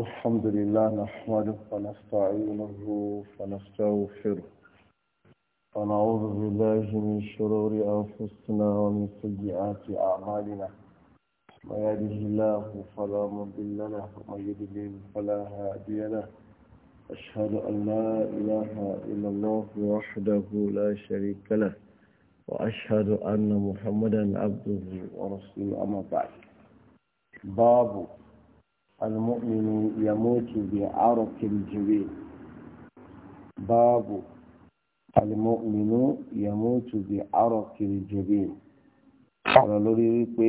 الحمد لله نحمده ونستعينه ونستغفره ونعوذ بالله من شرور أنفسنا ومن سيئات أعمالنا ما يهده الله فلا مضل له وما يضلل فلا هادي له أشهد أن لا إله إلا الله وحده لا شريك له وأشهد أن محمدا عبده ورسوله أما بعد باب المؤمن يموت بعرق الجبين باب المؤمن يموت بعرق الجبين ọ̀rọ̀ lórí wípé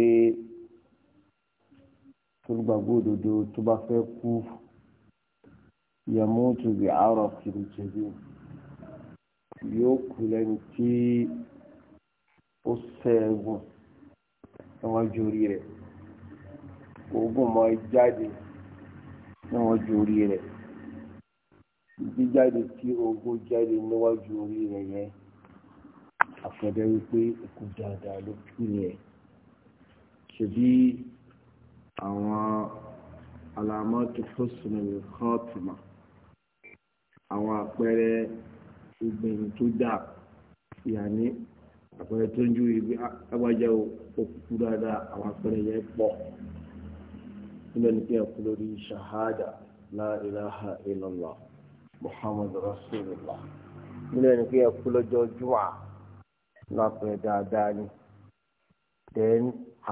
tó gbàgbọ́ òdodo tó bá fẹ́ kú yamutu bi'araq al-jabin yóò kú lẹ́ni tí ó ṣẹ́gun níwájú orí rẹ̀ oògùn mọ́ jáde tí wọ́n ju orí rẹ̀ jíjáde tí ogun jáde níwájú orí rẹ̀ yẹn àfẹ́dẹ́ wípé ikú dáadáa ló kú yẹn ṣebí àwọn alamọ́tò fọ́sùn nìkan tìmọ̀ àwọn àpẹẹrẹ ìgbẹ̀yìn tó dáa ìyàní àpẹẹrẹ tó ń ju ibi agbájá òkú dáadáa àwọn àpẹẹrẹ yẹn pọ̀ nínú ẹni pé ẹkú lórí ṣahada la ilaha illallah muhammadu rasulullah nínú ẹni pé ẹkú lọ́jọ́ jùwà lápẹ̀ dáadáa ni then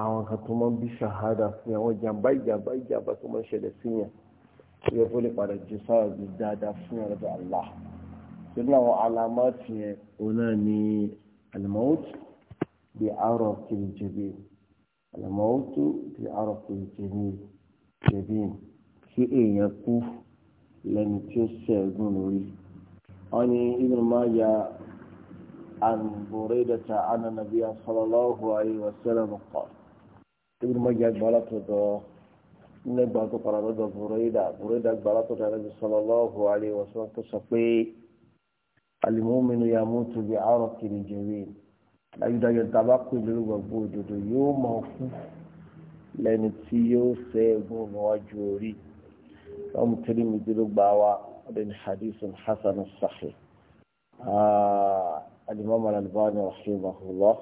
àwọn kan tó máa ń bí ṣahada fún àwọn ìjàmbá ìjàmbá ìjàmbá tó máa ń ṣẹlẹ̀ sí yẹn tí ó lè padà jù sára bí dáadáa Allah nínú àwọn alamá ti yẹn ni al bi araqil jamil al bi araqil jamil ṣèbí kí èèyàn kú lẹ́ni tí ó ṣẹ́gun lórí. wọ́n ní Ibn Majah an Buraydata anna nabiyya sallallahu alayhi wa sallam qala. Ibn Majah gbọ́lá tó dọ̀ nígbà tó padà lọ́dọ̀ Burayda Burayda gbọ́lá tó dọ̀ Nabi sallallahu alayhi wa sallam tó sọ pé al-mu'minu yamutu bi'araqin jamil. dájúdájú tàbá pè lórúkọ gbòdodo yóò máa kú lẹ́ni tí yóò ṣe egun níwájú orí wọ́n mú tẹ́lẹ̀ mi dúró gbà wá ọdún hadithun hasan sahih ah, alimami al-Albani rahimahullah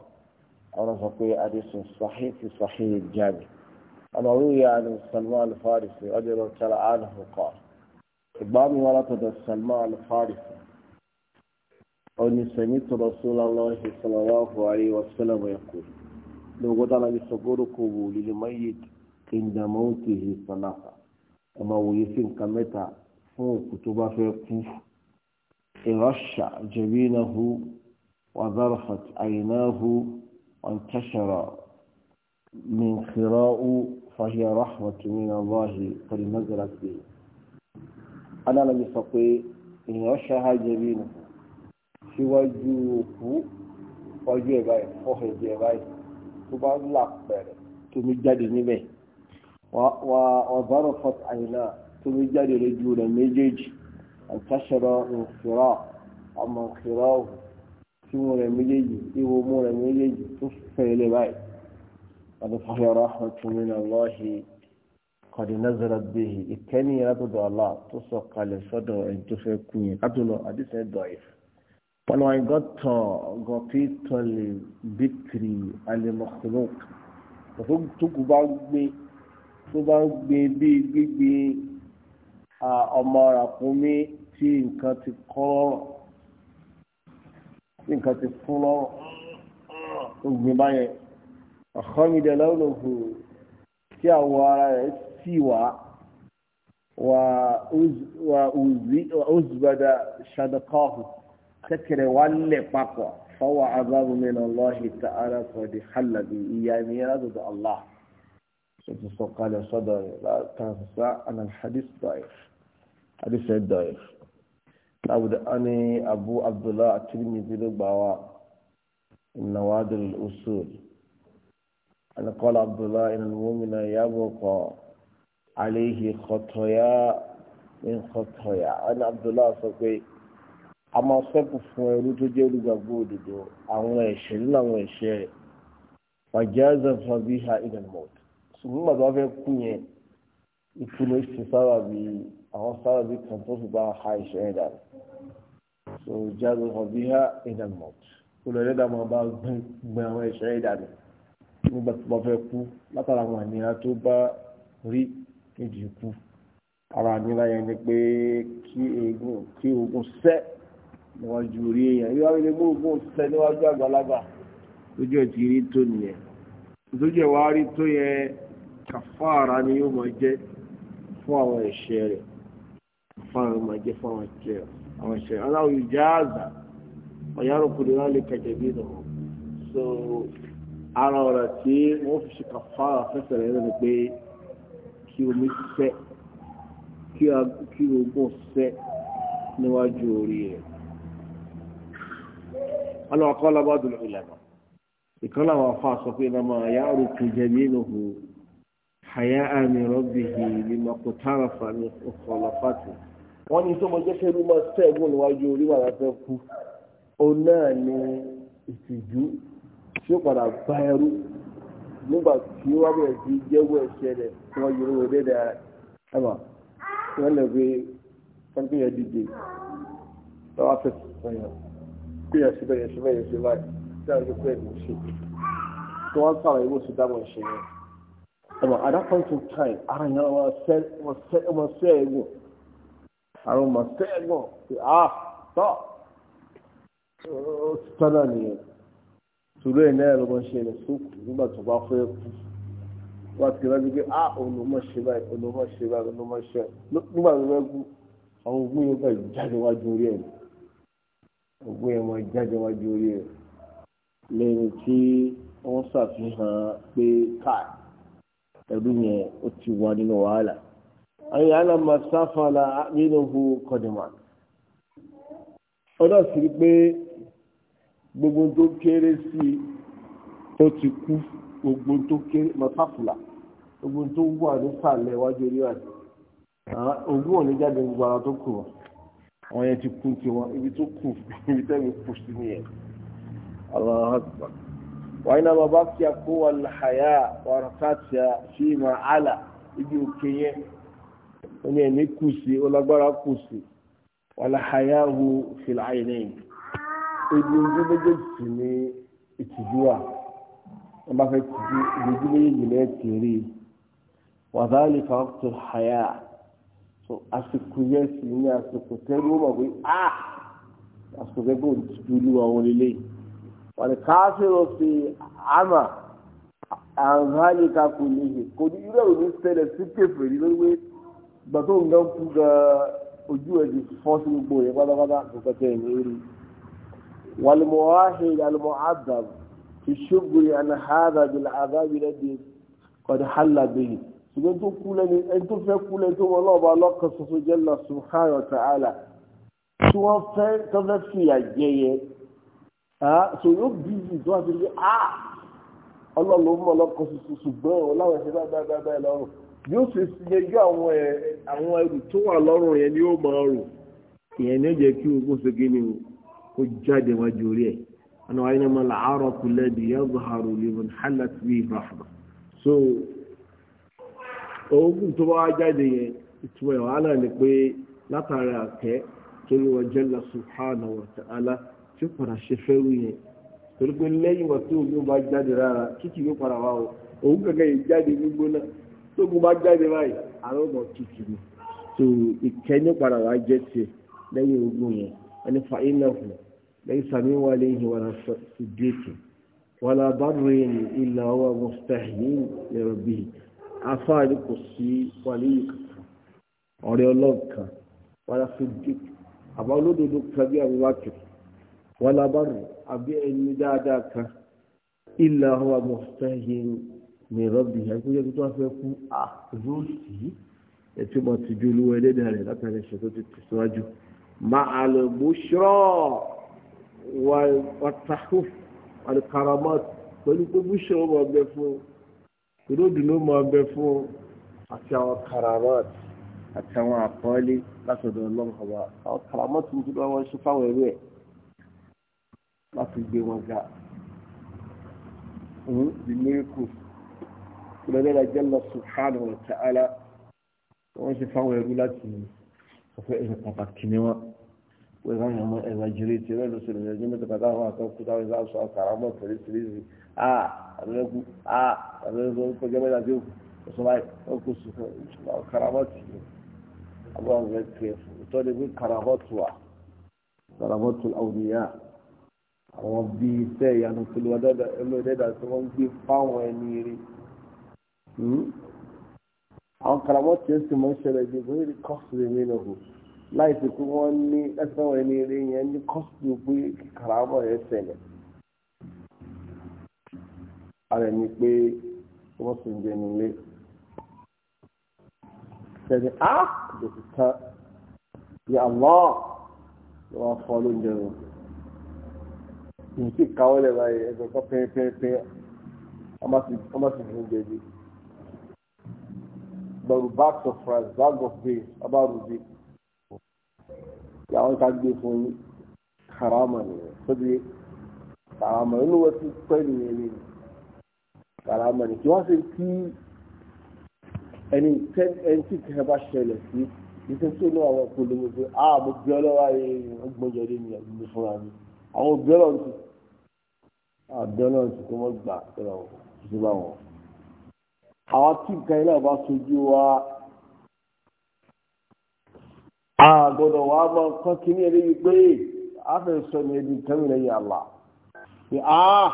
àwọn sọ pé hadithun sahih ti sahih jami ọmọ wíwí àni Salman al-Farisi ọjọ́ lọ tẹ́lẹ̀ àánú kọ́ ìgbà mi wọn látọ̀dọ̀ Salman al-Farisi ó ní sami'tu Rasulullahi sallallahu alaihi wa sallam yaqul lọ́wọ́ tá a lọ́ọ́ sọ́gbọ́dọ̀ kò wò lílẹ̀ máa yẹ ìdààmú ti hì sàlàfà ẹ máa wòye sí nǹkan mẹ́ta fún òkú tó bá fẹ́ kú ìrọ́ṣà jẹ̀bí náà hu وظرفت عيناه وانتشر من خراء فهي رحمة من الله قد نزلت به أنا لم يستطيع إن يغشاها جبينه سوى جوكو وجيباي فوق جيباي tó bá là pẹ̀rẹ̀ tómi jáde níbẹ̀ wà ọ̀bọ̀rọ̀ fọ́t àyìnà tómi jáde lójú rẹ̀ méjèèjì àtàṣọ̀rọ̀ nfìrọ̀ ọmọ nfìrọ̀ òhù tí mo rẹ̀ méjèèjì ìwò mo rẹ̀ méjèèjì tó fẹ̀lẹ̀ báyìí wọ́n fọ́ yọrọ ọ̀túnmí náà lọ́ọ̀hì kọ̀dí nazarat bihi ìkẹ́ni yàtọ̀ dọ̀ Allah tó sọ kalẹ̀ sọ́dọ̀ ẹ̀ tó fẹ́ kú yẹn kátó lọ àdìsẹ́ dọ̀ ìfẹ́. ولو غطى غطيت البكر المخلوق فوق توكو باغبي tó bá ń gbé bíi gbígbé ọmọ ràkúnmí tí nǹkan ti kọ́ lọ́rọ̀ tí nǹkan ti fún lọ́rọ̀ tó gbé báyẹn ọ̀hánmídẹ lọ́rùnhù tí àwọ̀ ara rẹ̀ sì wá wà òzùbàdà ṣàdọ̀kọ́hù tẹ́kẹ̀rẹ̀ wá lẹ̀ papọ̀ fọwọ́ azabu min Allahi ta'ala qad halla bi ìyá ẹni yẹn látọ̀dọ̀ Allah ṣe ti sọ kalẹ̀ sọ́dọ̀ rẹ̀ látàṣà àná hadith da'if hadith da'if láwùdá ani abu abdullah at-Tirmidhi ló gbà wá nawadir usul أنا قال عبد الله إن المؤمن يبقى عليه خطايا من خطايا أنا عبد الله صبي a máa sẹ́kù fún ẹrú tó jẹ́ olùgbàgbọ́ òdodo àwọn ẹ̀ṣẹ̀ nínú àwọn ẹ̀ṣẹ̀ rẹ̀ wàjáàzà fàbí ha ìdàmọ̀t ṣùgbọ́n bàbá fẹ́ kú yẹn ìpinnu ṣe sábà bí àwọn sábà bí kan tó fi bá ha ìṣẹ́ ẹ̀dá so jáàzà fàbí ha ìdàmọ̀t olùrẹ́dà máa bá gbẹ àwọn ẹ̀ṣẹ̀ ẹ̀dá rẹ̀ nígbà tó bá fẹ́ kú látara àwọn àníyàn tó bá rí nídìí kú ara àníyàn níwájú orí èèyàn yóò wáyé gbogbo òṣìṣẹ́ níwájú àgbàlagbà lójú ẹ̀ ti rí tó nìyẹn lójú ẹ̀ wá rí tó yẹ kàfàrà ni yóò máa jẹ́ fún àwọn ẹ̀ṣẹ̀ rẹ̀ kàfàrà máa jẹ́ fún àwọn ẹ̀ṣẹ̀ àwọn ẹ̀ṣẹ̀ aláwọ̀ ìjà àzà ọ̀yàrá òkúni wọn lè kẹjẹ bí nà so ara ọ̀rọ̀ tí wọ́n fi ṣe kàfàrà fẹsẹ̀ rẹ̀ lẹ́nu pé kí omi sẹ́ kí ogun sẹ́ níwájú orí rẹ̀ ọlọ́wọ́ kọ́ lọ́bọ́ dùn ìlànà ìkan láwọn afọ àsọ pé ìlànà àyà òrùkè jẹ̀mí nìhu àyà àmì rọ́bì yìí ni mo kò tára fà ní ọkọ̀ lọ́fàtì. wọ́n ní sọ́mọ jẹ́ kẹ́rù máa sẹ́gun níwájú orí wàrà fẹ́ kú òun náà ni ìtìjú tí ó padà bá ẹrú nígbà tí wọ́n bẹ̀rẹ̀ sí jẹ́wọ́ ẹ̀ṣẹ̀ rẹ̀ tí wọ́n yọ owó dédé ara ẹ̀mà tí wọ́n lè fi sọ́ńtì dìde lọ́wọ́ fẹ́ sọ̀yàn pé ẹ̀sìn bẹ́ẹ̀ ẹ̀sìn bẹ́ẹ̀ ẹ̀sìn báyìí dáhùn ló pé ẹ̀sìn ṣe tí wọ́n sàrọ̀ ìwé sí dáhùn ẹ̀sìn yẹn. ẹ̀mọ̀ at that point in time ara yẹn wọ́n sẹ́ ẹ̀wọ̀n sẹ́ ẹ̀gbọ̀n àrùn mọ̀ sẹ́ ẹ̀gbọ̀n pé a ah, tọ́ ó ti tán náà nìyẹn. tùrọ̀ ẹ̀ náà lọ́mọ ṣe rẹ̀ sókù nígbà tó bá fẹ́ kú wá ti rẹ́ bí pé ah, a olùmọ̀ ṣe báyìí olùmọ̀ ṣe báyìí olùmọ̀ ṣe nígbà tó fẹ́ kú àwọn ogún yẹn bá jáde wájú orí ẹ̀ ògbó yẹn mọ jáde wájú orí rẹ̀ lẹ́yìn tí wọ́n ṣàfihàn pé káà ẹ̀rú yẹn ó ti wà nínú wàhálà. àyè alama sáfàlà nínú hu kọ̀dìmọ̀. ọlọ́ sì rí pé gbogbo tó kéré sí i ó ti kú gbogbo tó kéré mọ́tàfùlà gbogbo tó wà nísàlẹ̀ wájú orí rẹ̀. ògbó ò ní jáde gbogbo ara tó kù wọ́n àwọn yẹn ti kú kí wọn ibi tó kù ibi tẹ́mi kù sí nìyẹn Allahu akbar wàá iná bàbá kí a kó wà láhàyà wàràkàtìyà sí ìmọ̀ àlà ibi òkè yẹn wọn yẹn ní kù sí ọlágbára kù sí wàláhàyà hu fìlàyé nìyẹn ibi ojú méjèèjì sì ni ìtìjú wa wọn bá fẹ́ tìjú ibi ojú méjèèjì lẹ́ẹ̀ tèrè wàdálì fàákùtù hàyà so àsìkò yẹn sì ní àsìkò tẹ́lú mọ̀ pé a ah! àsìkò gẹ́gẹ́ òun ti dúró àwọn ilé wọn ni káfíńrò fi àmà àǹhálì kakò léhe kò ní irú ẹ̀rọ ní ṣẹlẹ̀ sí kéfè ní lórí pé ìgbà tó ń gan kú gan ojú ẹ̀ ti fọ́ gbogbo yẹn pátápátá kò kẹ́kẹ́ ní rí wàlùmọ̀ wáhìn àlùmọ̀ àdàm fi ṣógun yẹn àná hàdà bìlà àdàbìlẹ̀ dì kọ́ni hàlà bìyì ṣùgbọ́n tó kú lẹ́ni ẹni tó fẹ́ kú lẹ́ni tó wọn náà bá lọ́kàn ṣoṣo jẹ́ lọ subhanahu wa ta'ala tí wọ́n fẹ́ tó fẹ́ fìyà jẹ yẹ ṣò yóò bízì tó wà sí pé a ọlọ́run ló mọ̀ lọ́kàn ṣoṣo ṣùgbọ́n ọ̀ láwọn ẹ̀ṣẹ̀ bá bá bá lọ́rùn bí ó ṣe ṣe yẹjú àwọn ẹrù tó wà lọ́rùn yẹn ni ó máa rò ìyẹn ni ó kí ogun ṣe kí ni kó jáde wájú orí ẹ̀ ọ̀nà wáyé ni mo là á rọ̀ kulẹ̀ dìyẹ́ ogun tó bá wá jáde yẹn ìtumọ̀ ẹ̀ wàhálà ni pé látara àkẹ́ torí wọn jẹ́ Allah subhanahu wa ta'ala tí ó padà ṣe fẹ́rù yẹn torí pé lẹ́yìn wọn tí oògùn bá jáde rárá tútù yóò padà wá o òun kankan yìí jáde gbígbóná tó oògùn bá jáde báyìí ọmọ ni tó ìkẹ́ ní padà wá jẹ́ tiẹ̀ lẹ́yìn yẹn ẹni fa iná fún lẹ́yìn wà dé tù ìlà afáàrí kò sí wàlíyù kankan ọ̀rẹ́ ọlọ́ọ̀kan wàlá fìdí àbá olódodo kan bí abubakar wàlá bárò àbí ẹni dáadáa kan ilà àwọn àmọ̀fẹ́yìn ní rọ́bì ẹgbẹ́ tó fẹ́ kú àrùsì ẹtí mo ti ju olúwa ẹlẹ́dàá rẹ̀ látàrí ẹ̀ṣẹ̀ tó ti tẹ̀síwájú máa lè mú ṣọ́ wàtàkùn àlùkàràmọ́tì pẹ̀lú pé bùṣọ́ ọmọ ọgbẹ́ fún un ìròdù ló máa bẹ fún àti àwọn karamat àti àwọn àpọ́nlé látọ̀dọ̀ ọlọ́run ọba àwọn karamat tó ń tó bá wọn ṣe fáwọn ẹrú ẹ̀ láti gbé wọn ga fún the miracle ìrọ̀lẹ́ra jalla subhanahu wa ta'ala wọ́n ṣe fáwọn ẹrú láti ọ̀fẹ́ ẹ̀rọ pàtàkì ni wọ́n wọ́n yàn mọ́ ẹ̀fàjìrìtì rẹ̀ lọ́sọ̀rọ̀ ìrìnàjò mẹ́ta pàtó àwọn akẹ́kọ̀ọ́ táwọn ìlà sọ àkàràmọ́ pẹ̀lẹ́sìrìsì à àbẹ̀lẹ́kù à àbẹ̀lẹ́kù kọjá mẹ́ta tí ó sọ báyìí ó kò sùn fún àkàràmọ́ tì í àbọ̀ àwọn ẹ̀ kẹ́ fún ìtọ́ni pé kàràmọ́ tù wà kàràmọ́ tù àwùjọ àwọn bí iṣẹ́ ìyanu tó lọ ẹlòdẹ́dà tí wọ́n gbé fáwọn ẹni rí hmm? àwọn kàràmọ́ tì í sì mọ́ ṣẹlẹ̀ láì sí pé wọ́n ní ẹsẹ̀ wọn ní eré yẹn ní kọ́sùtù pé kàràbọ̀ yẹn ṣẹlẹ̀ ara ẹni pé wọ́n sùn jẹ nílé ṣẹlẹ̀ á lè ti tán yà lọ́ ló wá fọ́ lóúnjẹ rẹ̀ nǹkan ìkáwọ́ lẹ̀ báyìí ẹ̀sẹ̀ kan pẹ́ẹ́pẹ́ẹ́pẹ́ ọmọ sì fún jẹ̀bi. But back to France, back of this, about this làwọn ká gbé fún yín haram nìyẹn sóbi haram nínú wọn ti pẹ́ nìyẹn ni haram nìyẹn kí wọ́n ṣe kí ẹni tí kẹ́kẹ́ bá ṣẹlẹ̀ sí iṣẹ́ tó ní àwọn polówó pé a mo gbé ọlọ́wà yẹn ọgbọ́njọ́dé ni àgbègbè fúnra mi àwọn òbí ọlọ́run ti àbí ọlọ́run ti kó wọ́n gbà ọ̀rọ̀ ìṣúná wọn. àwọn tí nǹkan iná bá sojú wa àgbọ̀dọ̀ wà mọ́ kọ́ kí ní ẹ̀rí pé afẹ́ sọ ní ẹbí la yà lá n'i àá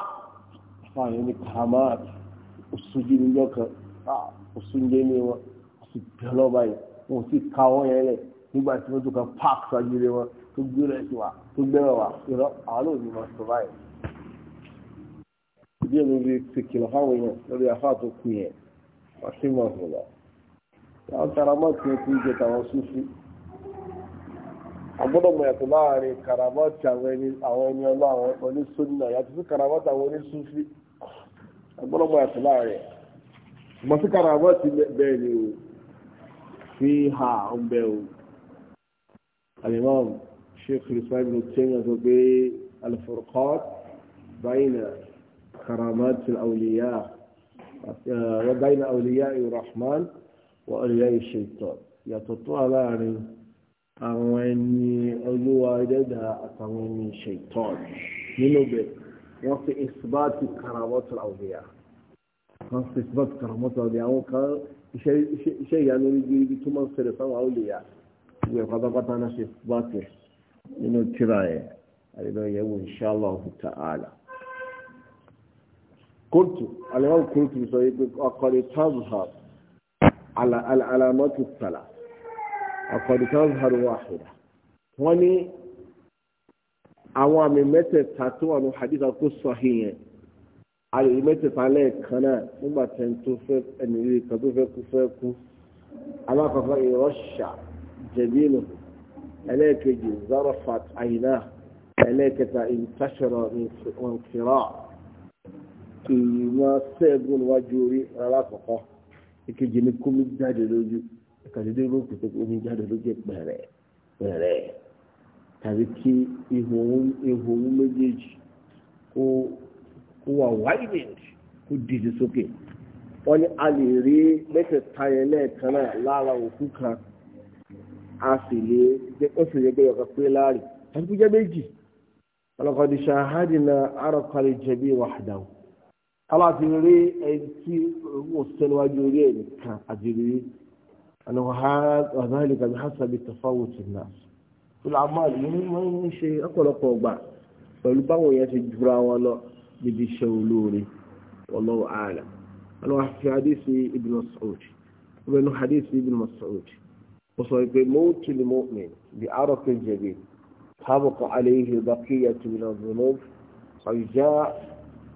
fàyẹ̀ ni kamat òṣùjú níjọ́ kan òṣùnjẹ́ ní wọn sì bẹ̀rẹ̀ báyìí wọn sì ka wọn yẹn lẹ̀ nígbà tí wọ́n park wọn tó gbéra sí wa tó gbéra wa ìrọ̀ òní wọn sọ báyìí. ìdí ti kìlọ̀ fáwọn lórí afá tó kù yẹn wọ́n sì mọ̀ fún agbọ́dọ̀ mọ̀ ẹ̀kọ́ láàrin karamọ́tì àwọn ẹni ọlọ́ àwọn oníṣúnà yàtọ̀ sí karamọ́tì àwọn oníṣúfí agbọ́dọ̀ mọ̀ ẹ̀kọ́ láàrin mọ̀ sí karamọ́tì bẹ́ẹ̀ ni o fi ha ń bẹ́ o alimam sheikh ismail bin tẹ́yìn sọ pé alifurqat bayna karamọ́tì awliya wa bayna awliya irrahman wa awliya shaitan yàtọ̀ tó aláàrin àwọn ẹni olúwa ẹ̀dẹ́dà àtàwọn ẹni ṣètọ́n nínú bẹ̀ wọ́n fi ìsìbáàtì karamọ́tò àwòyà wọ́n fi ìsìbáàtì karamọ́tò àwòyà àwọn kan iṣẹ́ ìyanu ríbiríbi tó máa ń ṣẹlẹ̀ fáwọn àwòlẹ̀yà gbogbo ẹ̀kọ́ pátápátá náà ṣe ìsìbáàtì nínú tíra ẹ̀ àdínà ìyẹ̀wò ìṣàlọ̀ ta'ala. قلت الإمام قلت بصديق أقل تظهر على العلامات الثلاث àkọ́dù تظهر واحدة. wàhùrà wọ́n ní àwọn àmì mẹ́tẹ̀ẹ̀ta tó wà ní hadith àkókò sọ̀hìn yẹn àlè mẹ́tẹ̀ẹ̀ta lẹ́ẹ̀kan náà nígbà tẹ̀ ń tó fẹ́ ẹni rí kan tó fẹ́ kú fẹ́ kú alákọ̀ọ́kọ́ ìrọ́ṣà jẹ̀bínú ẹlẹ́ẹ̀kejì zarafat àyìnà ẹlẹ́ẹ̀kẹta ìtàṣọ̀rọ̀ nìfìrà ìmọ̀ sẹ́gun wájú orí rárá kọ̀kọ́ ìkejì ní kómi jáde lójú kàdédé ló kù tó omi jáde ló jẹ pẹrẹ pẹrẹ tàbí kí ihò ohun méjèèjì kó kó wà widened kó dìde sókè wọ́n ní a lè rí mẹ́tẹ̀ẹ̀ta yẹn lẹ́ẹ̀kan náà lára òkú kan a sì lè jẹ́ ó sì lè gbé ọ̀kan pé láàrin tàbí jẹ́ méjì ọlọ́kọ̀dé ṣahádì na arọ́kọ̀lẹ̀ jẹ̀bi wàhádàwò aláàfin rí ẹni tí ó sẹ́niwájú orí ẹ̀ nìkan àti rí أنه وذلك بحسب التفاوت في الناس في الأعمال ما شيء أقول أقول بعض فالبعض يتجرى ولا بدي شولوري والله أعلم أنا في حديث ابن مسعود ومن حديث ابن مسعود وصيب موت المؤمن بعرق جديد تبق عليه بقية من الذنوب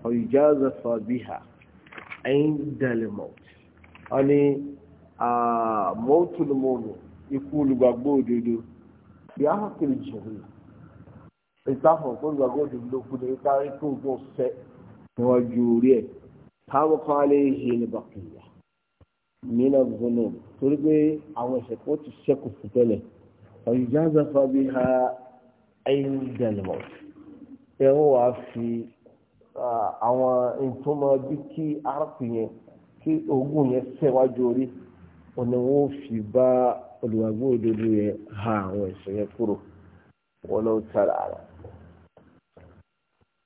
ويجازف بها عند الموت يعني mọ́tòlù ah, mọ́nù ikú olùgbàgbọ́ òdodo bí a kiri jìnnì ìtàkùn tó olùgbàgbọ́ òdodo ló kú ní kárí tó gbọ́ fẹ́ níwájú orí ẹ̀ táwọn kan á lè ṣe ní bàkìyà mìíràn gbọ́nà torí pé àwọn ẹ̀ṣẹ̀ kan ti ṣẹ́kù fún tẹ́lẹ̀ ọ̀yíjà zafa bí ha ẹ̀yìn dẹ̀lẹ̀mọ̀ ẹ̀ ń fi àwọn ìtumọ̀ bí kí arákùnrin kí oògùn yẹn ṣẹ́wájú orí ọ̀nà wọn fi bá olùwàgbọ́ òdodo yẹn ha àwọn ẹ̀sìn yẹn kúrò wọn lọ tara ara.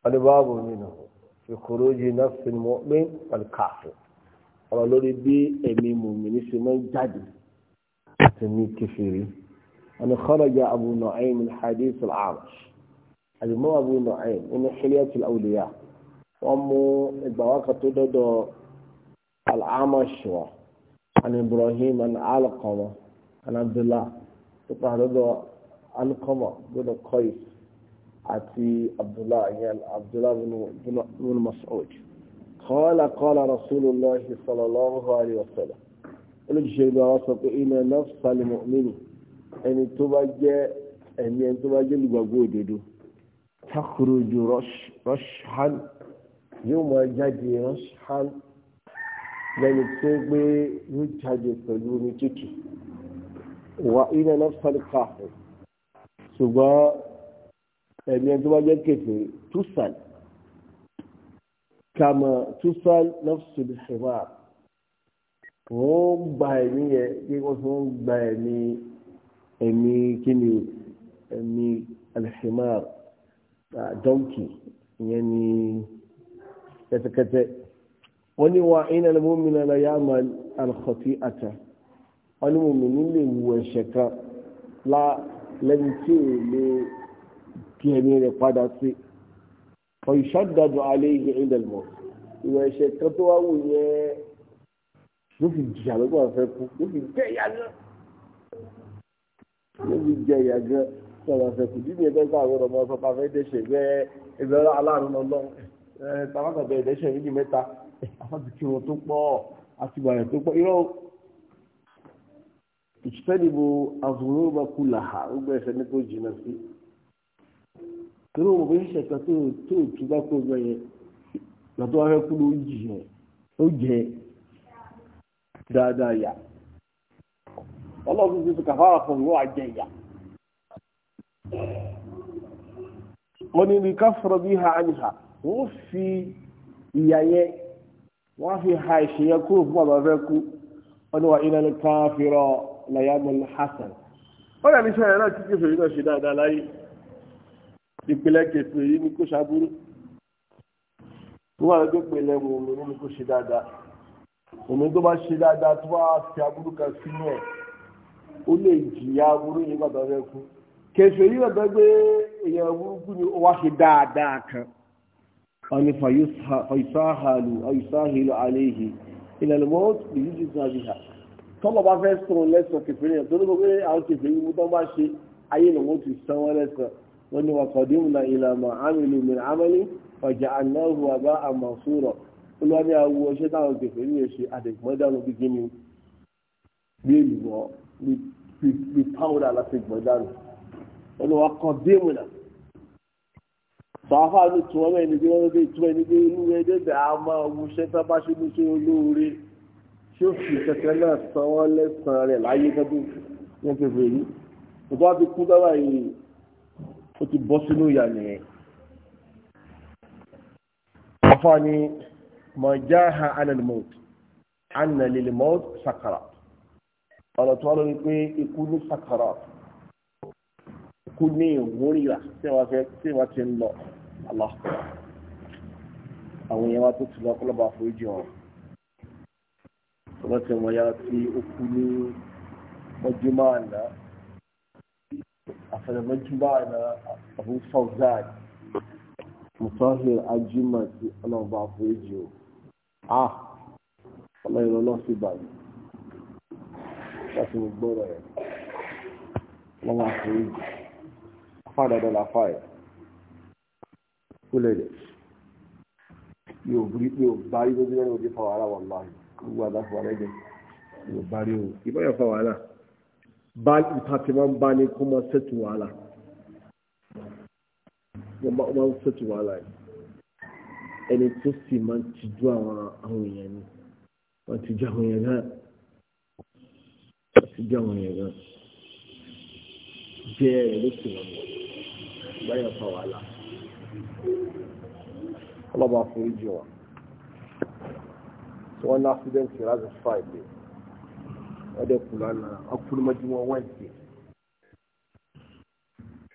adébáàbò mi nà ìkòrò yìí náà fi mọ́ pé àlùkàfọ́ ọ̀rọ̀ lórí bí ẹ̀mí mùmìnì ṣe máa ń jáde àti ní kẹfìrí. أن خرج أبو نعيم من حديث الأعرج الإمام أبو نعيم من حلية الأولياء وأم البواقة تدد الأعمش عن إبراهيم عن علقمة عن عبد الله تقع رضا علقمة بن قيس أتي عبد الله يعني عبد الله بن بن مسعود قال قال رسول الله صلى الله عليه وسلم olùjíṣẹ́ ìlú àwọn sọ pé iná nọ́ọ̀sì alìmọ̀ mímì ẹni tó bá jẹ́ ẹ̀mí ẹni tó bá lẹ́ni tí ó gbé ríjáde pẹ̀lú omi tútù wà iná náà sọ́lùkà ṣùgbọ́n ẹ̀mí ẹni tó bá jẹ́ kèfè túsàn kàmà túsàn náà sọ̀lù ṣẹ̀wà wọ́n gba ẹ̀mí yẹn kí wọ́n fi wọ́n gba ẹ̀mí ẹ̀mí kíni ẹ̀mí alhimar donkey ìyẹn ni kẹ́tẹ́kẹ́tẹ́ wọ́n ní wa iná ni mọ́mìnà la yá ma alxọ́tí àtà wọ́n ní mọ́mìnà lè wù ẹ̀ṣẹ̀ kan la lẹ́ni tí ò lè kí ẹ̀mí rẹ̀ padà sí ọ̀yṣàdàdù alẹ́ yìí ìdàlmọ̀ ìwà ẹ̀ṣẹ̀ kan tó wá wù yẹ ló fi jìyà lọ́gbà fẹ́ kú ló fi jẹ́ ìyá gan ló fi jẹ́ ìyá gan sọ̀rọ̀ fẹ́ kú dídì ẹgbẹ́ gbà wọ́n ọmọ sọ́pà fẹ́ dẹ́ṣẹ̀ bẹ́ẹ̀ ìbẹ̀rẹ̀ aláàrùn lọ́lọ́ àfàtìkìrò tó pọ̀ àtìgbàyẹ̀ tó pọ̀ irọ́ ìṣẹ́dìbò àfúrógbà gbogbo ẹ̀ṣẹ̀ ní kò jìnnà sí torí òun kò ṣẹ̀ṣẹ̀ tó tó túbá kó gbẹ yẹn lọ́tọ́ ló jì yẹn ó jẹ dáadáa yà ọlọ́run ti fi fún àjẹ wọ́n ní ní káfọ́rọ́ bí ha wọ́n fi ìyà wọ́n fi ha ìṣèyẹ kúrò fún bàbá fẹ́ kú wọ́n ní wa ilal kafira layamul hasan. ó dàbí sẹ́yìn náà títí fèrè náà ṣe dáadáa láyé ìpìlẹ̀ kẹfì yìí ni kò ṣàbúrú wọ́n á pèlè ṣe dáadáa òmí tó bá ṣe dáadáa tó bá fi aburú kan sínú ẹ̀ ó lè jìyà aburú yìí bàbá fẹ́ kú kẹfì bàbá gbé burúkú ni ó wá ṣe dáadáa kan. أن فيسهل يسهل عليه إلى الموت بيجزنا بها tọ́lọ̀ bá fẹ́ sọ̀rọ̀ lẹ́sọ̀ kẹfìrí ẹ̀ tó ló gbé àwọn kẹfìrí mú tán bá ṣe ayé ni wọ́n ti san wọ́n lẹ́sọ̀ wọ́n ni wà kọ̀dímù na ìlànà àmìlú mìíràn àmàlí ọjà ànáhù àbá àmàsúrọ̀ olúwa ní sàáfà ní ìtumọ̀ mẹ́rin ní gbẹ́rẹ́ bí ìtumọ̀ ní gbé inú ẹ̀dẹ́gbẹ̀ a máa mú ṣẹ́ tá bá ṣe mú ṣe olóore tí ó fi kẹ̀kẹ́ náà san wọ́n lẹ́sàn-án rẹ̀ láyé kẹ́tù wọ́n fẹ́ fẹ́ yìí tó bá fi kú dábà yìí ó ti bọ́ sínú ìyà nìyẹn. afa ni mọ̀jáha anilmọ́t anilmọ́t sakara ọ̀rọ̀ tó wà lórí pé ikú ní sakara kó ní ìwúrìlà tí wọ́n fẹ́ tí wọ́n ti ń lọ àlọ́ àwọn èèyàn wa tó ti lọ ọpọlọpọ àforíjì ọ̀rọ̀ ọlọ́tí ọmọ ya tí ó kú ní ọjọ́ máa nà àfẹnàmọ́jú máa nà Abu Fawzan Mutahir Ajima ọlọ́ọ̀bá àforíjì ọ̀rọ̀ ah ọlọ́yìn ọlọ́sì bàjẹ́ láti gbọ́rọ̀ ẹ̀ lọ́wọ́ àforíjì àfádàdà làfà ẹ̀ kúlẹ̀ rẹ̀ yóò rí pé ò bá rí lójú lẹ́nu òde fa wàhálà wà láàyè gbogbo àdáfọ̀ rẹ̀ jẹ́ yóò bá rí o ìbáyọ̀ fa wàhálà bá ìpàtì máa ń bá ní kó máa ṣètò wàhálà wọ́n máa ń ṣètò wàhálà yìí ẹni tó sì máa ń tijú àwọn àwọn èèyàn ni wọ́n tijú àwọn èèyàn náà wọ́n tijú àwọn èèyàn náà jẹ rẹ̀ ló sì wọ́n báyọ̀ fa wàhálà ọlọ́ba fún ìjọ wa tí wọ́n ní accident yìí láti friday wọ́n dẹ̀ kù lánàá ọkùnrin mọ́jú wọn wednesday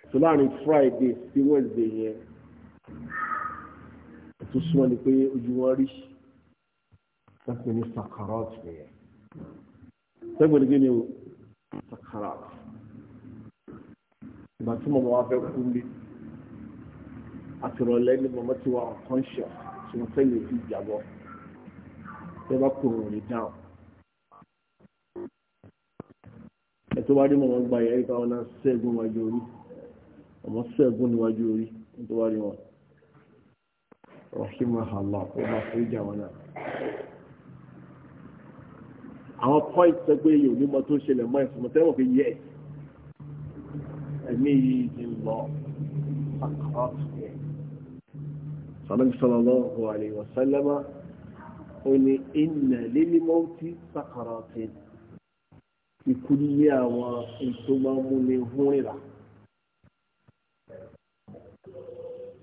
tó láàrin friday sí wednesday yẹn tó súnmọ́ ni pé ojú wọn rí wọ́n pè ní sakarot nìyẹn sẹ́gbẹ̀ẹ́ ni kí ni o ìgbà tí mọ̀mọ́ wa fẹ́ kú lé àtìrọ̀lẹ́ ni mọ̀mọ́ ti wà unconscious tí wọ́n fẹ́ lè fi ìjàbọ̀ tẹ́ bá kúrò ní dáhùn. ẹ tó gba ìyá ìta sẹ́gun orí ọmọ sẹ́gun níwájú orí ó ìjà wọn náà. àwọn sẹ́gbẹ́ أميد الله أقرأ فنبي صلى الله عليه وسلم قل إن للموت سقرات ìkúlé àwọn ètò máa ń múni hún rírà.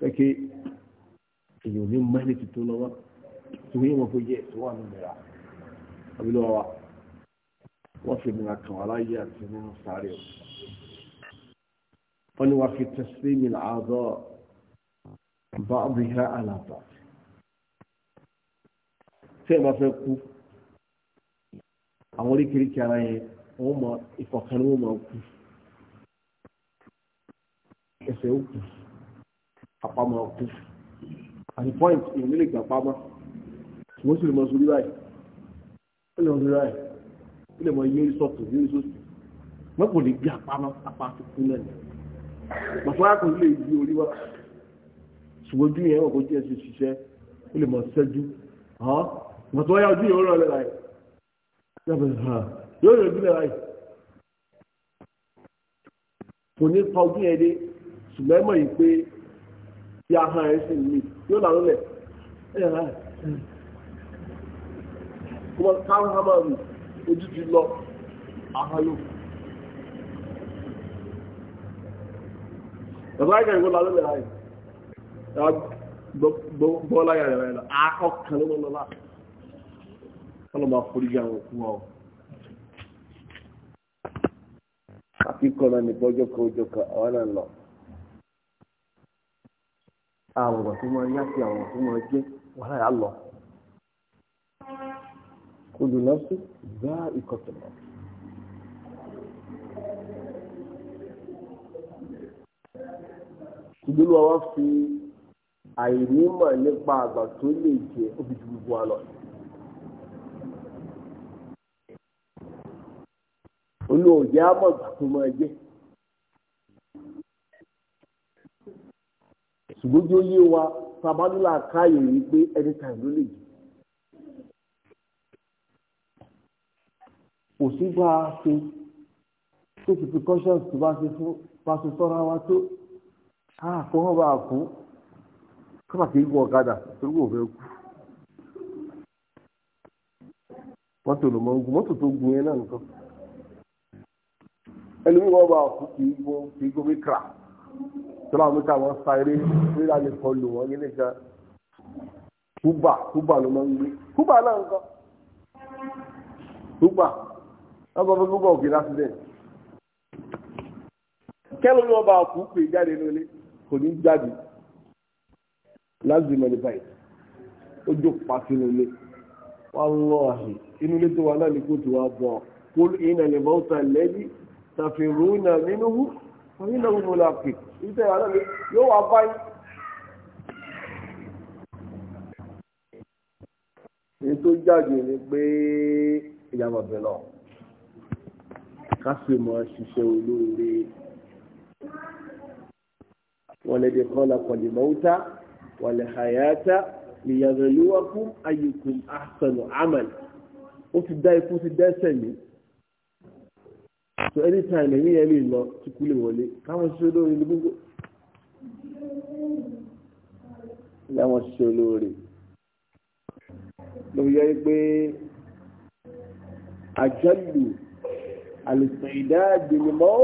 Pẹ́kẹ́ èyàn ní mẹ́lì tuntun lọ́wọ́ tí wọ́n yẹn kó yẹ ètò wà nínú rà. Àbílọ́wọ́ wọ́n fi mìíràn kàn láyé àti nínú sáré o wọ́n ní wà العضاء بعضها على بعض. ọ̀bí ha àlàbà tí ẹ̀ bá fẹ́ kú àwọn oríkèéríkèé ara yẹn wọ́n mọ ìfọ̀kànnì wọn máa kú ẹsẹ̀ ó kù àpamọ́ kú àti point ìwé lè gbà pamọ́ ṣùgbọ́n sì lè mọ sórí báyìí ó lè mọ sórí báyìí ó lè mọ yé sọ̀tún yé sọ̀tún mọ́kò lè gbé àpamọ́ apá àti kú náà nìyẹn mọ̀fáàkùn lè yí orí wá ṣùgbọ́n ojú yẹn ọkọ̀ jẹ́ ṣe ṣiṣẹ́ ó lè mọ̀ ṣẹ́jú mọ̀ tó yá ojú yẹn ó rọ̀ lẹ́la yìí yóò rẹ̀ ojú lẹ́la yìí kò ní pa ojú yẹn dé ṣùgbọ́n ẹ mọ̀ yìí pé tí a hàn ẹ́ káwọn hàn ojú ti lọ àhàn ẹ̀fọ́láìkẹ́ ìwọ́n lálẹ́ lẹ́yà yìí bọ́ọ̀lá yàrá rẹ̀ ọkàn ló lọ́lá ọlọ́mà foríjà òkú wa o akíkọ́ náà ní bọ́jọ́ kan ọjọ́ kan àwọn náà lọ àwọn ọ̀gbà tó máa yá sí àwọn tó máa jẹ́ wọ́n láyà lọ kò lù lọ́sí gbá ìkọ̀tọ̀ lọ́sí ṣùgbọ́n wọn wá fi àìnímọ̀ nípa àgbà tó lè jẹ́ ó fi ju gbogbo wa lọ. olóòjẹ́ àmọ̀gbà tó máa jẹ́. ṣùgbọ́n tí ó yé wa tabalúlà káyè rí pé anytime ló lè jẹ́. kò ṣe tó fi precautions tó bá ṣe fún pásítọ́ra wa tó. Ah, kó wọ́n bá kú kó bá kì í gun ọ̀kadà torí wọ́n fẹ́ kú. mọ́tò ló máa ń gun mọ́tò tó gun yẹn náà nìkan ẹlòmíì wọ́n bá kú kì í gun kì í gun mìkra tó láwọn mìkra wọn sa eré rírà lè kọ lù wọn nílé kan kúbà kúbà ló máa ń gbé kúbà náà nǹkan kúbà wọ́n bá kúbà òkè lásìlẹ̀ kẹ́lómi wọ́n bá kú pè jáde lólé kò ní jáde lásìmọ̀ ní báyìí ó jó pa sínú ilé wàlọ́ọ̀hì inú ilé tó wà náà ní kó tó wá bọ̀ kó iná lè mọ́ ta lẹ́bí tàfihàn nínú hù ní lọ́wọ́ ní olàpì ìtẹ́ àlọ́bí yóò wà báyìí èyí jáde ni pé ìyàwó bẹ̀rẹ̀ ká sì ṣiṣẹ́ olóore والذي خلق الموت والحياة ليبلوكم أيكم أحسن عمل ó ti dá ikú ti dẹ́sẹ̀ mí so anytime ẹ̀mí yẹn lè lọ tí kú lè wọlé káwọn ṣiṣẹ́ olóore ní gbogbo láwọn ṣiṣẹ́ olóore ló yẹ pé àjọlù àlùfẹ́ ìdáàdì ni mọ́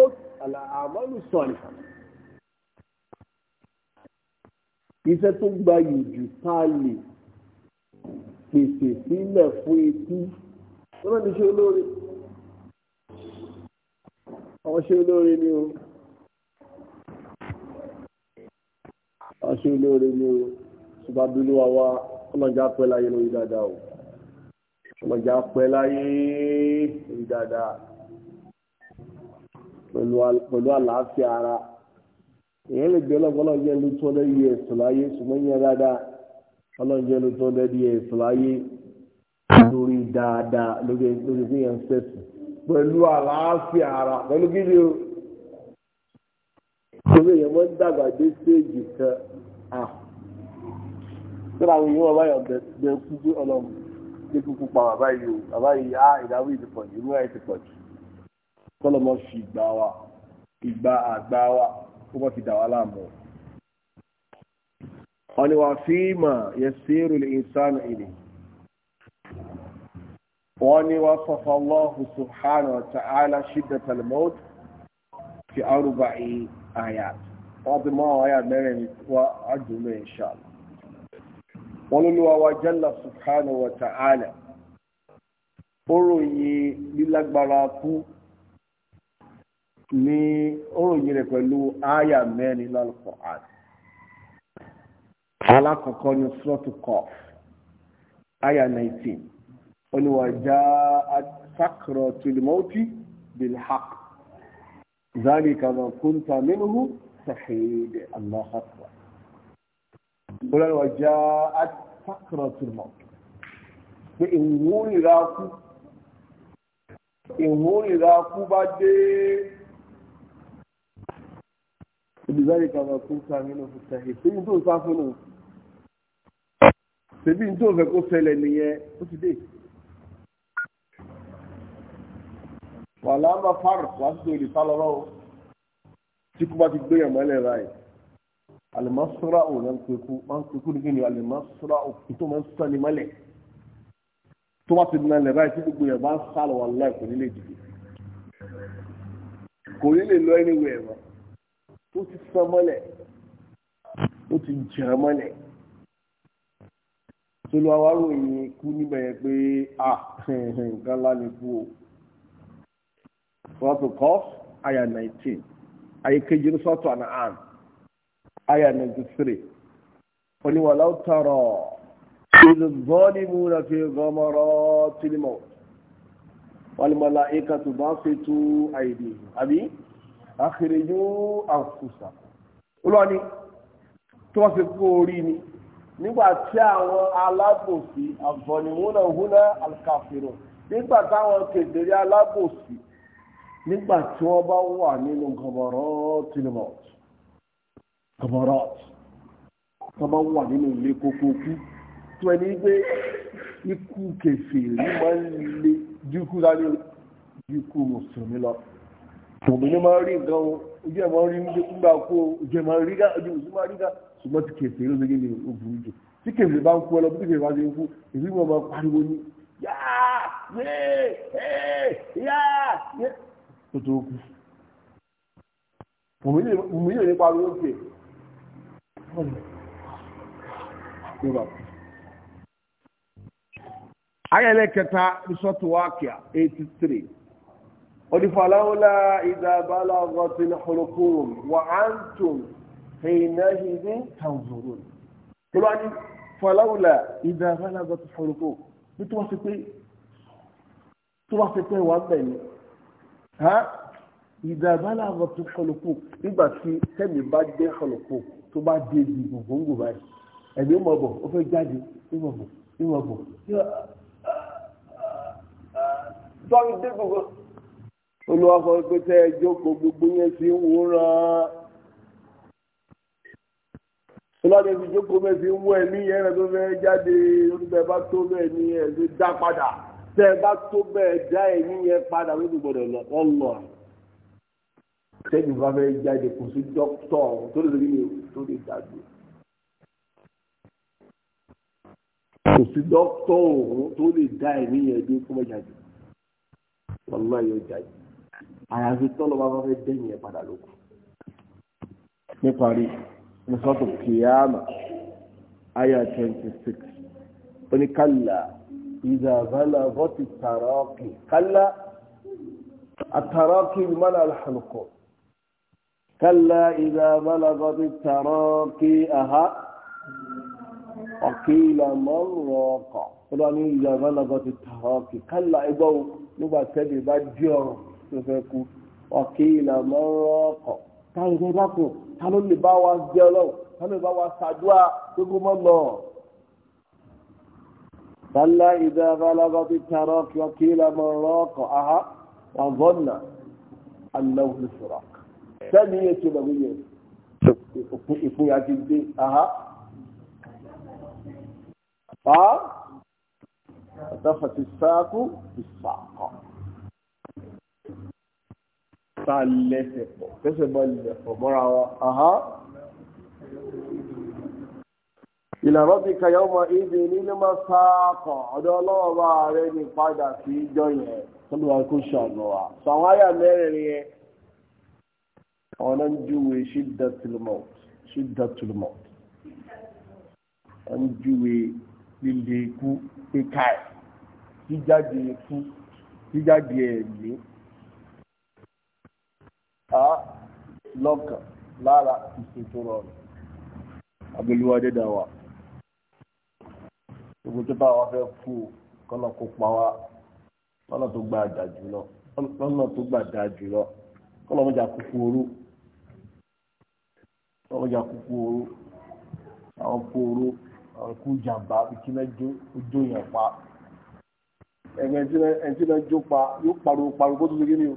àmọ́lù sọ̀rọ̀ iṣẹ́ tó gbayì jù tá a lè pèsè sílẹ̀ fún ikú lọ́nà ní ṣe olóore àwọn ṣe olóore ni o àwọn ṣe olóore ni o ṣùgbọ́n abúlé wa wá ọlọ́jà pẹ́ láyé lórí dáadáa o ọlọ́jà pẹ́ láyé lórí dáadáa pẹ̀lú àlàáfíà ara èèyàn lè gbé ọlọ́pàá ọlọ́run jẹ́ ló tó ọdẹ yìí ẹ̀sùn láyé ṣùgbọ́n yẹn dáadáa ọlọ́run jẹ́ ló tó ọdẹ yìí ẹ̀sùn láyé lórí dáadáa lórí lórí fún yẹn sẹ́sì pẹ̀lú àlàáfíà ara pẹ̀lú gidi o lórí èèyàn mọ́ dàgbà dé séèjì kan à síra àwọn èèyàn bàbá yàn bẹ kú pé ọlọ́run dé kúkú pa bàbá yìí o bàbá yìí á ìdáwó ìdìpọ̀jù ìmúra ìdìpọ̀jù kọ́lọ́mọ fi ìgbà wa ìgbà àgbà wa kó mọ́ fi dà wá láàmú. ọ̀nì wà fí mà yẹ sírù lè sánà ìlè. wọ́n ní wọ́n sọ̀fọ̀ lọ́hùn subhanahu wa ta'ala shiddatal maut fi arba'i ayat. wọ́n ti mọ́ àwọn àyà mẹ́rin wá insha Allah. wọ́n lóluwà wa jalla subhanahu wa ta'ala. ó ròyìn lílágbára ní òròyìn rẹ̀ pẹ̀lú àyà mẹ́rin lálùkọ̀ àti alákọ̀ọ́kọ́ ní slọ́tù kọf àyà 19 oníwàjá sákàrọ̀ tìlìmọ́tì bilhaq zalika ma kunta minhu sahid allah akbar oníwàjá sákàrọ̀ tìlìmọ́tì pé ìwúrira kú ìwúrira kú bá dé ìdìbáyìí kan lọ fún sami ló fi tẹ̀yìn síbi tó sá fún un síbi tó fẹ́ kó ṣẹlẹ̀ nìyẹn ó ti dé. wàhálà ń bá fárò wá sí òde sálọ́rọ́ o tí kú bá ti gbé yàn mọ́lẹ̀ báyìí alimasura o náà ń pekú máa ń pekú nìkan ní alimasura o tó máa ń sani mọ́lẹ̀ tó bá ti dùn alẹ́ báyìí tí gbogbo tó ti sán mọ́lẹ̀ ó ti jà mọ́lẹ̀ tolu awaro yìí kú níbẹ̀ yẹn pé a nǹkan ńlá ni kú o sọ́tò kọ́f àyà 19 àyè kejì ní sọ́tò àná àn àyà 93 oníwàlá tọrọ ìlú bọ́ọ̀lì mú na fi gọmọrọ tìlímọ̀ wàlùmọ̀lá ìkàtù bá tú àyè àbí àkèrèjú àǹfùsà olóòní tí wọ́n fi kú orí ni nígbà tí àwọn alábòsí àbọ̀nìwúnàwúnà alkafiro nígbà táwọn kèdèrè alábòsí nígbà tí wọ́n bá wà nínú gọbọ̀rọ̀ tìlmọ̀t gọbọ̀rọ̀ tó bá wà nínú ilé kókó kú tó ẹni gbé ikú kẹfì rí máa ń le díkú dání díkú mùsùlùmí lọ tòmínú máa rí nǹkan o ojú ẹ̀ máa rí nígbà kú o ojú ẹ̀ máa rí ká ojú òsì máa rí ká ṣùgbọ́n ti kèfé ló gbé ní òbúrú jù tí kèfé bá ń kú ẹ lọ bí kèfé bá ti ń kú èmi wọn máa pariwo ní yáa yéé yéé yáa yéé tó tó kú mùmí lè nípa ló pè onífàlàwọ́lá ìdàbàlà ọgọ́tìlẹ̀ ọlọ́kùnrin wà á ń tún hìnà hìnà tàùzùrùn tó bá ní fàlàwọ́lá ìdàbàlà ọgọ́tìlẹ̀ ọlọ́kùnrin ní tó bá ti pé wà bẹ̀ ni ìdàbàlà ọgọ́tìlẹ̀ ọlọ́kùnrin nígbà tí sẹ́mi bá dé ọlọ́kùnrin tó bá dé ibi gbòǹgbò báyìí ẹ̀mí mọ̀ bọ̀ ó fẹ́ jáde ìmọ̀ bọ̀ ìmọ̀ bọ̀. sọ́ni dé gbogbo olúwa sọ pé tẹ́ ẹ jókòó gbogbo yẹn sí ń wòran olùwàdé fi jókòó bẹ́ẹ̀ fi ń wọ ẹ̀mí yẹn rẹ̀ tó fẹ́ jáde olùbẹ̀ bá tó bẹ́ẹ̀ ni ẹ̀ tó dá padà tẹ́ ẹ bá tó bẹ́ẹ̀ dá ẹ̀mí yẹn padà ló ti lọ ọlọ́ tẹ́bi bá fẹ́ jáde kò sí dókítọ̀ tó lè rí tó lè jáde kò sí dókítọ̀ tó lè dá ẹ̀mí yẹn dé kó mọ́ jáde wàlúwà yóò jáde àyàfi tọ́lọ́ bá fẹ́ dẹ́yìn ẹ̀ padà lóko. níparí nìfọ́tò kìyàmà àyà twenty six oníkàlà ìdàbàlà bọ́tì tàràkì kàlà àtàràkì mọ́nà àlùkò kàlà ìdàbàlà bọ́tì tàràkì àhà ọ̀kìlà mọ́rọ̀ọ̀kọ̀ ó lọ ní ìdàbàlà bọ́tì tàràkì kàlà ẹgbọ́ nígbà tẹ́lẹ̀ bá dí ọ̀rọ̀ tó fẹ́ kú ọ̀kí ìlànà ọkọ̀ táwọn ìgbẹ́ bá kù ta ló lè bá wa jẹ́ ọlọ́run ta ló lè bá wa ṣàdúrà tó kó mọ́ lọ. Bala ìdá abalaga ti tara kí ọkí ìlànà ọkọ̀ aha wà zọ́nà aláwọ̀ sọ̀rọ̀. Sẹ́ni yẹn ti bàbá ti dé aha. Fa, àtàfàtì sáàkù ti sàkọ̀ tá a lẹ́sẹ̀ pọ̀ tẹ́sẹ̀ bọ́ lẹ̀ pọ̀ mọ́ra wa aha ìlànà ti kàyà ọmọ ibi nínú máa sáàkọ̀ ọ̀dọ̀ ọlọ́wọ́ bá rẹ̀ ní padà sí ìjọ yẹn tọ́lùwà kó ṣàánú wa jíjáde ikú jíjáde ẹ̀mí á lọ́kàn lára ìṣètò rọrùn abẹ́lúwádé dáwà gbogbo tó bá wa fẹ́ kú kọ́nà kó pa wá lọ́nà tó gbà dà jùlọ lọ́nà tó gbà dà jùlọ kọ́nà mọ́jà kúkú orú kọ́nà mọ́jà kúkú orú àwọn kú orú àwọn kú jàmbá kí mẹ́jọ ojú yẹn pa ẹ̀gbẹ́ ẹ̀ńtí mẹ́jọ pa yóò pariwo pariwo bó tó ṣe kí ni o.